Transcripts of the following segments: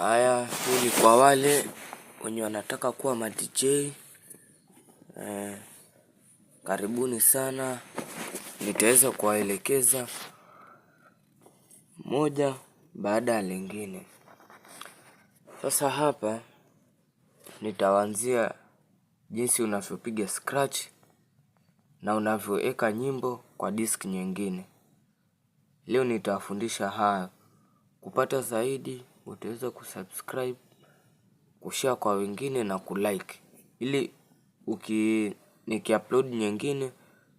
Haya, hii ni kwa wale wenye wanataka kuwa ma DJ. Eh, karibuni sana, nitaweza kuwaelekeza moja baada ya lingine. Sasa hapa nitawaanzia jinsi unavyopiga scratch na unavyoweka nyimbo kwa disk nyingine. Leo nitawafundisha haya. Kupata zaidi utaweza kusubscribe, kushare kwa wengine na kulike, ili uki nikiupload nyingine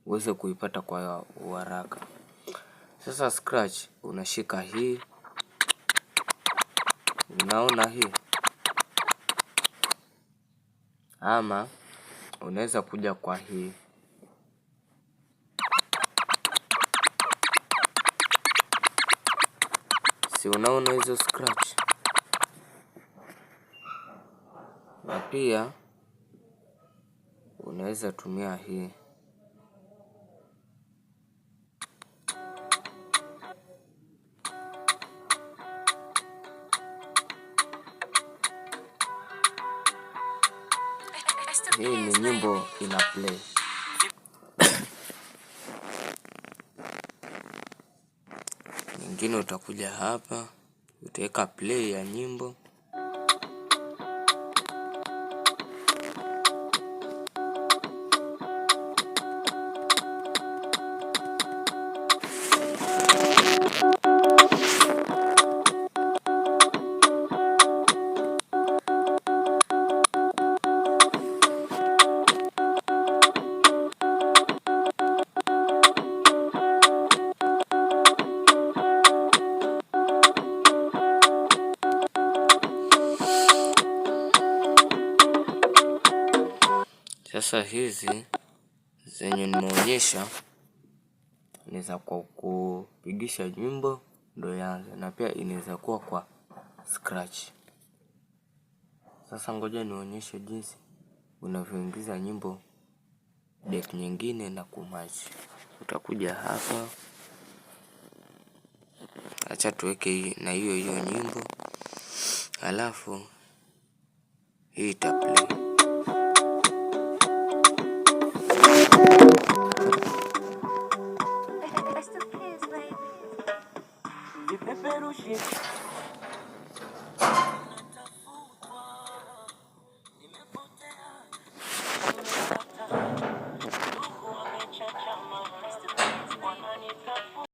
uweze kuipata kwa haraka. Sasa Scratch unashika hii, unaona hii, ama unaweza kuja kwa hii. si unaona hizo scratch, na pia unaweza tumia hii hii ni nyimbo ina play. mwingine utakuja hapa utaweka play ya nyimbo Sasa hizi zenye nimeonyesha inaweza kwa kupigisha nyimbo ndo yanze na pia inaweza kuwa kwa scratch. Sasa ngoja nionyeshe jinsi unavyoingiza nyimbo deck nyingine na kumachi. Utakuja hapa, acha tuweke na hiyo hiyo nyimbo, alafu hii itaplay. Duży.